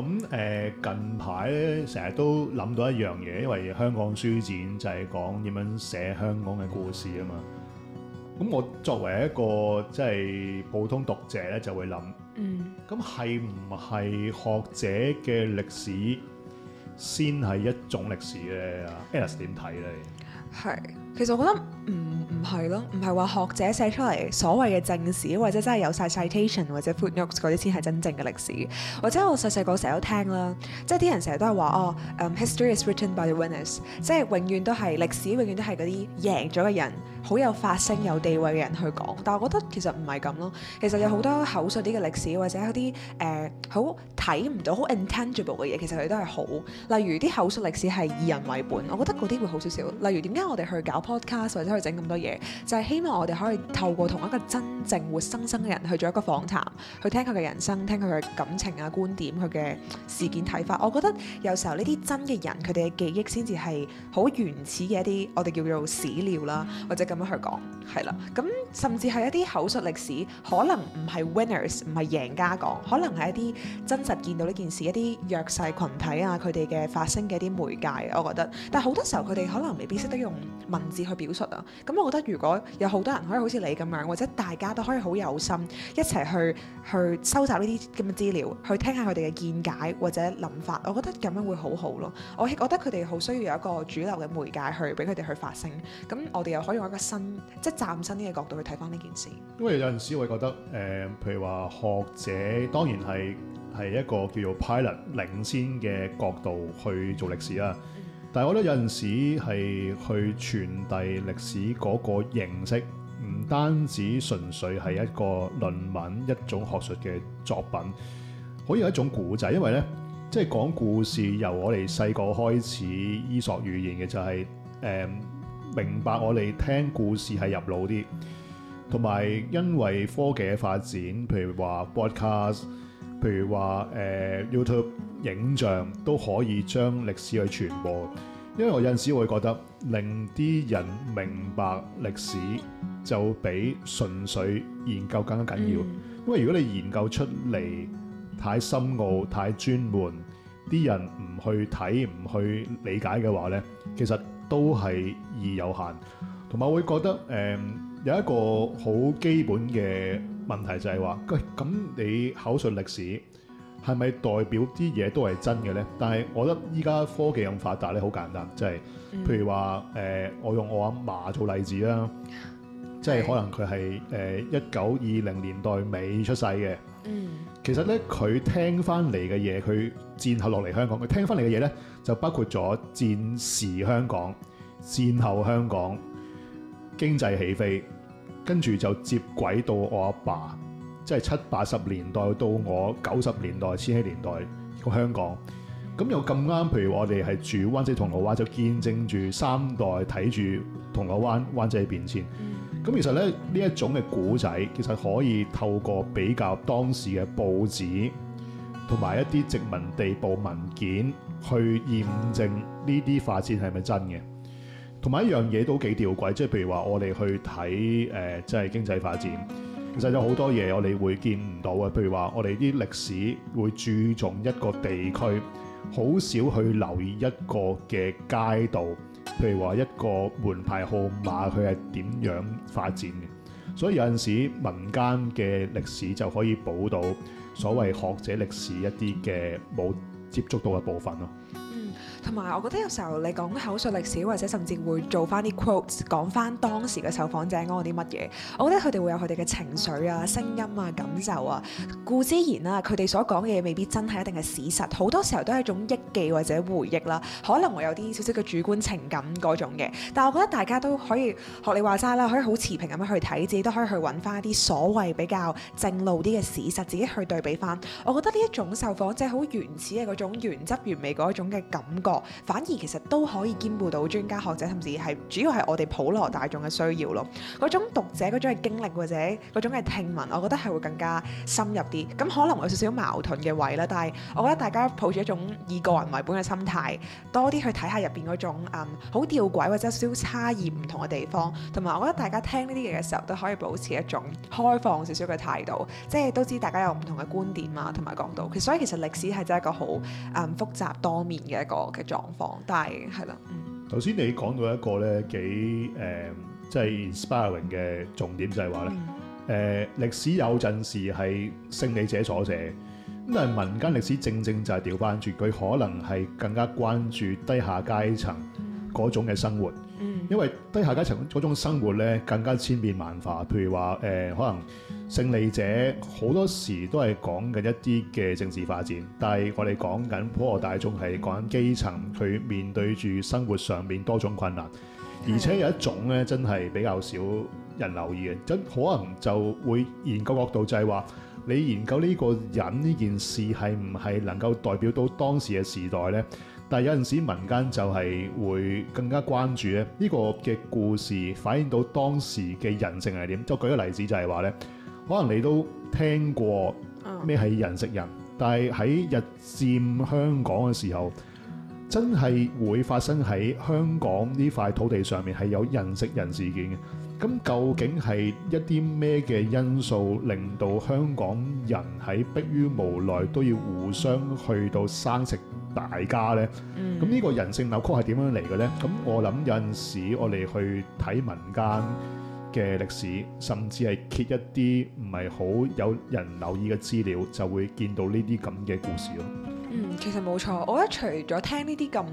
咁誒近排咧，成日都諗到一樣嘢，因為香港書展就係講點樣寫香港嘅故事啊嘛。咁我作為一個即係普通讀者咧，就會諗，嗯，咁係唔係學者嘅歷史先係一種歷史咧？Alice 點睇咧？係。其實我覺得唔唔係咯，唔係話學者寫出嚟所謂嘅正史，或者真係有晒 citation 或者 footnotes 嗰啲先係真正嘅歷史。或者我細細個成日都聽啦，即係啲人成日都係話哦，history is written by the winners，即係永遠都係歷史，永遠都係嗰啲贏咗嘅人，好有發聲、有地位嘅人去講。但係我覺得其實唔係咁咯，其實有好多口述啲嘅歷史，或者有一啲誒好睇唔到、好 intangible 嘅嘢，其實佢都係好。例如啲口述歷史係以人為本，我覺得嗰啲會好少少。例如點解我哋去搞？Podcast 或者去整咁多嘢，就係希望我哋可以透過同一個真正活生生嘅人去做一個訪談，去聽佢嘅人生，聽佢嘅感情啊、觀點、佢嘅事件睇法。我覺得有時候呢啲真嘅人，佢哋嘅記憶先至係好原始嘅一啲，我哋叫做史料啦，或者咁樣去講，係啦。咁甚至係一啲口述歷史，可能唔係 winners，唔係贏家講，可能係一啲真實見到呢件事一啲弱勢群體啊，佢哋嘅發聲嘅一啲媒介。我覺得，但係好多時候佢哋可能未必識得用文字去表述啊，咁我覺得如果有好多人可以好似你咁樣，或者大家都可以好有心一齊去去收集呢啲咁嘅資料，去聽下佢哋嘅見解或者諗法，我覺得咁樣會好好咯。我覺得佢哋好需要有一個主流嘅媒介去俾佢哋去發聲。咁我哋又可以用一個新即係嶄新啲嘅角度去睇翻呢件事。因為有陣時我會覺得誒、呃，譬如話學者當然係係一個叫做 pilot 領先嘅角度去做歷史啦。但係我覺得有陣時係去傳遞歷史嗰個形式，唔單止純粹係一個論文、一種學術嘅作品，可以有一種古仔，因為咧即係講故事，由我哋細個開始伊索寓言嘅就係、是、誒、嗯、明白我哋聽故事係入腦啲，同埋因為科技嘅發展，譬如話播客。譬如話誒、uh, YouTube 影像都可以將歷史去傳播，因為我有陣時會覺得令啲人明白歷史就比純粹研究更加緊要，嗯、因為如果你研究出嚟太深奧、太專門，啲人唔去睇、唔去理解嘅話咧，其實都係意義有限，同埋會覺得誒。Uh, 有一個好基本嘅問題就係話，喂，咁你口述歷史係咪代表啲嘢都係真嘅咧？但係我覺得依家科技咁發達咧，好簡單，即係譬如話，誒、嗯呃，我用我阿嫲做例子啦，即係可能佢係誒一九二零年代尾出世嘅。嗯，其實咧，佢聽翻嚟嘅嘢，佢戰後落嚟香港，佢聽翻嚟嘅嘢咧，就包括咗戰時香港、戰後香港。經濟起飛，跟住就接軌到我阿爸，即係七八十年代到我九十年代、千禧年代嘅香港。咁又咁啱，譬如我哋係住灣仔銅鑼灣，就見證住三代睇住銅鑼灣灣仔嘅變遷。咁其實咧，呢一種嘅古仔，其實可以透過比較當時嘅報紙同埋一啲殖民地部文件去驗證呢啲發展係咪真嘅。同埋一樣嘢都幾吊詭，即係譬如話我哋去睇誒，即、呃、係經濟發展，其實有好多嘢我哋會見唔到嘅，譬如話我哋啲歷史會注重一個地區，好少去留意一個嘅街道，譬如話一個門牌號碼佢係點樣發展嘅，所以有陣時民間嘅歷史就可以補到所謂學者歷史一啲嘅冇接觸到嘅部分咯。同埋，我覺得有時候你講口述歷史，或者甚至會做翻啲 quotes，講翻當時嘅受訪者講啲乜嘢，我覺得佢哋會有佢哋嘅情緒啊、聲音啊、感受啊。故之言啊，佢哋所講嘅嘢未必真係一定係事實，好多時候都係一種憶記或者回憶啦，可能會有啲少少嘅主觀情感嗰種嘅。但係我覺得大家都可以學你話齋啦，可以好持平咁樣去睇，自己都可以去揾翻一啲所謂比較正路啲嘅事實，自己去對比翻。我覺得呢一種受訪者好原始嘅嗰種原汁原味嗰種嘅感覺。反而其實都可以兼顧到專家學者，甚至係主要係我哋普羅大眾嘅需要咯。嗰種讀者、嗰種嘅經歷或者嗰種嘅聽聞，我覺得係會更加深入啲。咁可能有少少矛盾嘅位啦，但係我覺得大家抱住一種以個人為本嘅心態，多啲去睇下入邊嗰種嗯好吊詭或者少少差異唔同嘅地方，同埋我覺得大家聽呢啲嘢嘅時候都可以保持一種開放少少嘅態度，即係都知大家有唔同嘅觀點啊，同埋講到，其實所以其實歷史係真係一個好嗯複雜多面嘅一個狀況，但係係啦。頭先，嗯、你講到一個咧幾誒，即，呃，係 inspiring 嘅重點，就係話咧，誒，嗯呃，歷史有陣時係勝利者所寫，咁但係民間歷史正正就係掉返轉，佢可能係更加關注低下階層。嗯嗰種嘅生活，因為低下階層嗰種生活咧更加千變萬化。譬如話誒、呃，可能勝利者好多時都係講緊一啲嘅政治發展，但係我哋講緊普羅大眾係講緊基層，佢面對住生活上面多種困難，而且有一種咧真係比較少人留意嘅，即可能就會研究角度就係話，你研究呢個人呢件事係唔係能夠代表到當時嘅時代咧？但係有陣時民間就係會更加關注咧，呢個嘅故事反映到當時嘅人性係點。就舉個例子就係話咧，可能你都聽過咩係人食人，但係喺日佔香港嘅時候，真係會發生喺香港呢塊土地上面係有人食人事件嘅。咁究竟係一啲咩嘅因素令到香港人喺迫於無奈都要互相去到生食大家呢？咁呢個人性扭曲係點樣嚟嘅呢？咁我諗有陣時我哋去睇民間嘅歷史，甚至係揭一啲唔係好有人留意嘅資料，就會見到呢啲咁嘅故事咯。其實冇錯，我覺得除咗聽呢啲咁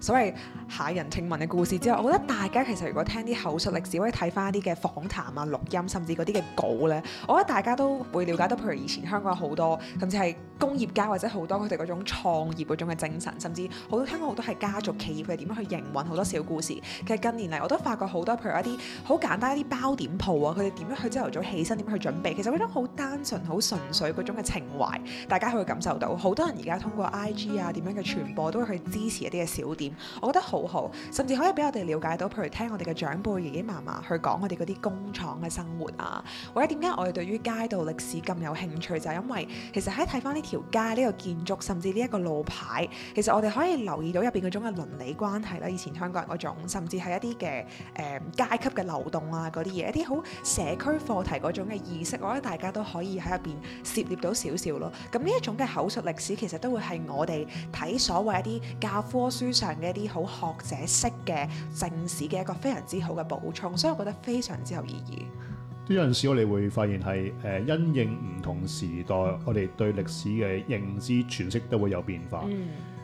所謂駭人聽聞嘅故事之外，我覺得大家其實如果聽啲口述歷史，可以睇翻一啲嘅訪談啊、錄音，甚至嗰啲嘅稿咧，我覺得大家都會了解到，譬如以前香港好多，甚至係工業家或者好多佢哋嗰種創業嗰種嘅精神，甚至好多香港好多係家族企業佢哋點樣去營運，好多小故事。其實近年嚟我都發覺好多譬如一啲好簡單一啲包點鋪啊，佢哋點樣去朝頭早起身，點樣去準備，其實嗰種好單純、好純粹嗰種嘅情懷，大家可以感受到。好多人而家通過 IG 啊，點樣嘅傳播都會去支持一啲嘅小店，我覺得好好，甚至可以俾我哋了解到，譬如聽我哋嘅長輩爺爺嫲嫲去講我哋嗰啲工廠嘅生活啊，或者點解我哋對於街道歷史咁有興趣，就係因為其實喺睇翻呢條街呢、這個建築，甚至呢一個路牌，其實我哋可以留意到入邊嗰種嘅鄰里關係啦，以前香港人嗰種，甚至係一啲嘅誒階級嘅流動啊，嗰啲嘢，一啲好社區課題嗰種嘅意識，我覺得大家都可以喺入邊涉獵到少少咯。咁呢一種嘅口述歷史，其實都會係我哋睇所謂一啲教科書上嘅一啲好學者式嘅正史嘅一個非常之好嘅補充，所以我覺得非常之有意義。呢有陣時，我哋會發現係誒、呃、因應唔同時代，嗯、我哋對歷史嘅認知詮釋都會有變化。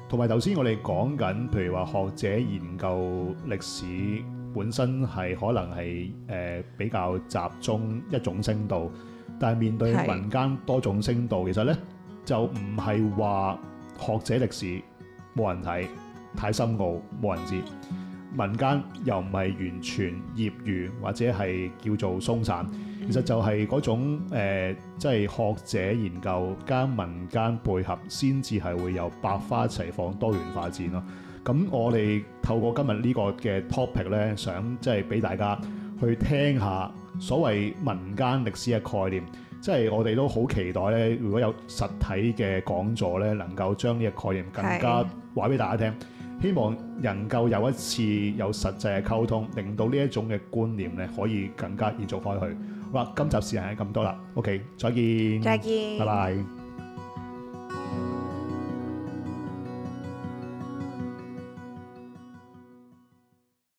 同埋頭先，我哋講緊，譬如話學者研究歷史本身係可能係誒、呃、比較集中一種聲度，但係面對民間多種聲度，是其實呢就唔係話學者歷史冇人睇，太深奧冇人知。民間又唔係完全業餘或者係叫做鬆散，嗯、其實就係嗰種，呃，即係學者研究加民間配合，先至係會有百花齊放、多元化展咯。咁我哋透過今日呢個嘅 topic 咧，想即係俾大家去聽下所謂民間歷史嘅概念，即係我哋都好期待咧，如果有實體嘅講座咧，能夠將呢個概念更加話俾大家聽。希望能夠有一次有實際嘅溝通，令到呢一種嘅觀念咧，可以更加延續開去。好啦，今集時間係咁多啦。OK，再見，拜拜。